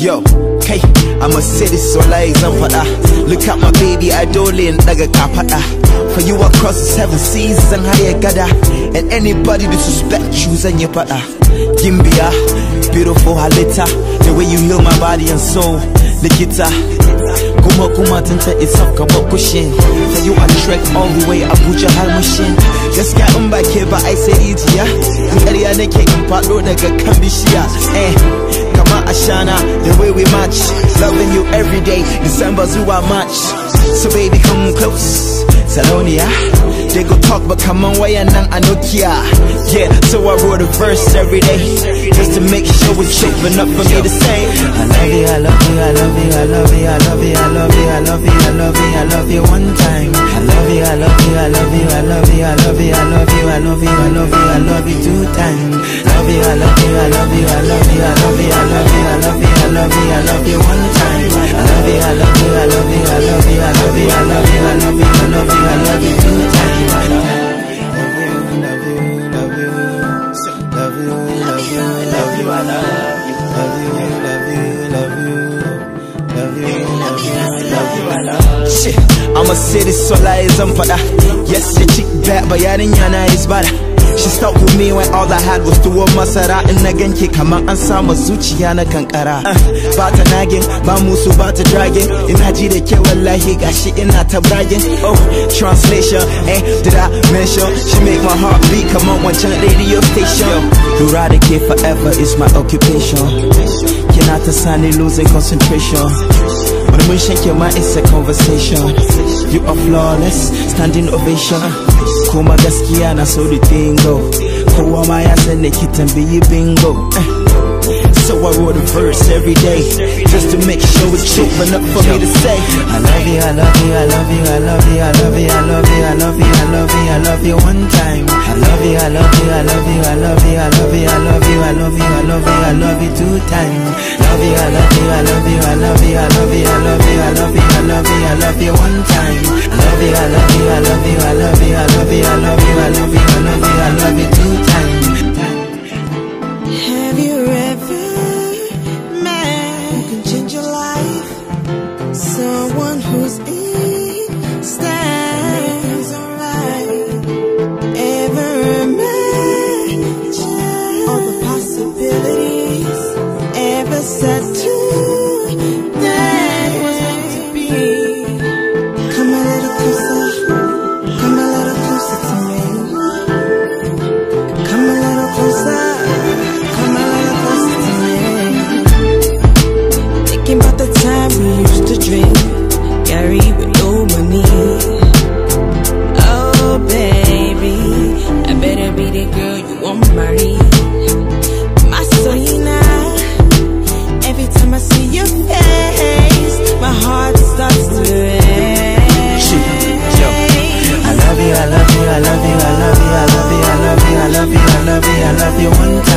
Yo, K. I'm a city soleil zan faɗa Look at my baby I dole in a kafaɗa For you across the seven seas zan haye gada And anybody disrespect you zan yi faɗa Gimbiya, beautiful halita The way you heal my body and soul Nikita Martin'ta isaf gaba kushin Sai you a trek all the way Abuja har mushin Gaskiya in ba ke ba ai sai rijiya In ƙarya nake in faɗo daga kan bishiya Eh kama ashana the way we match Loving you every day December I March So baby come close Salonia They go talk but come on waya are not anokia? Yeah so I wrote a verse every day Just and true up for me to say I love you, I love you, I love you, I love you, I love you, I love you, I love you, I love you, I love you one time I'ma say this so lai zan faɗa Yes, she chick back bayanin yana is bada She stuck with me when all I had was tuwon masara kick na ganke kaman an samu and na kankara uh, Ba ta nagin, ba musu dragon. Imagine the Ina ji da ke wallahi gashi ina ta bragging Oh, translation, eh, did I mention She make my heart beat Come on, one wancan radio station Eradicate forever is my occupation Cannot assign losing concentration When we shake your mind it's a conversation You are flawless, standing ovation Kuma gaskiya na so the thing go Kowa ma ya san ki tambayi bingo So I wrote a verse every day Just to make sure it's cheap enough for me to say I love you, I love you, I love you, I love you, I love you, I love you, I love you, I love you, I love you one time I love you, I love you, I love you, I love you, I love you, I love you, I love you, I love you, I love you two times Love you, I love you, I love you, I love you, I love you, I love you, I love you, I love you, I love you one time tattoo today was meant to be. Come a little closer, come a little closer to me. Come a little closer, come a little closer to me. Thinking about the time we used to drink, Gary with no money. Oh baby, I better be the girl you want to marry. wanna be, I love you one time.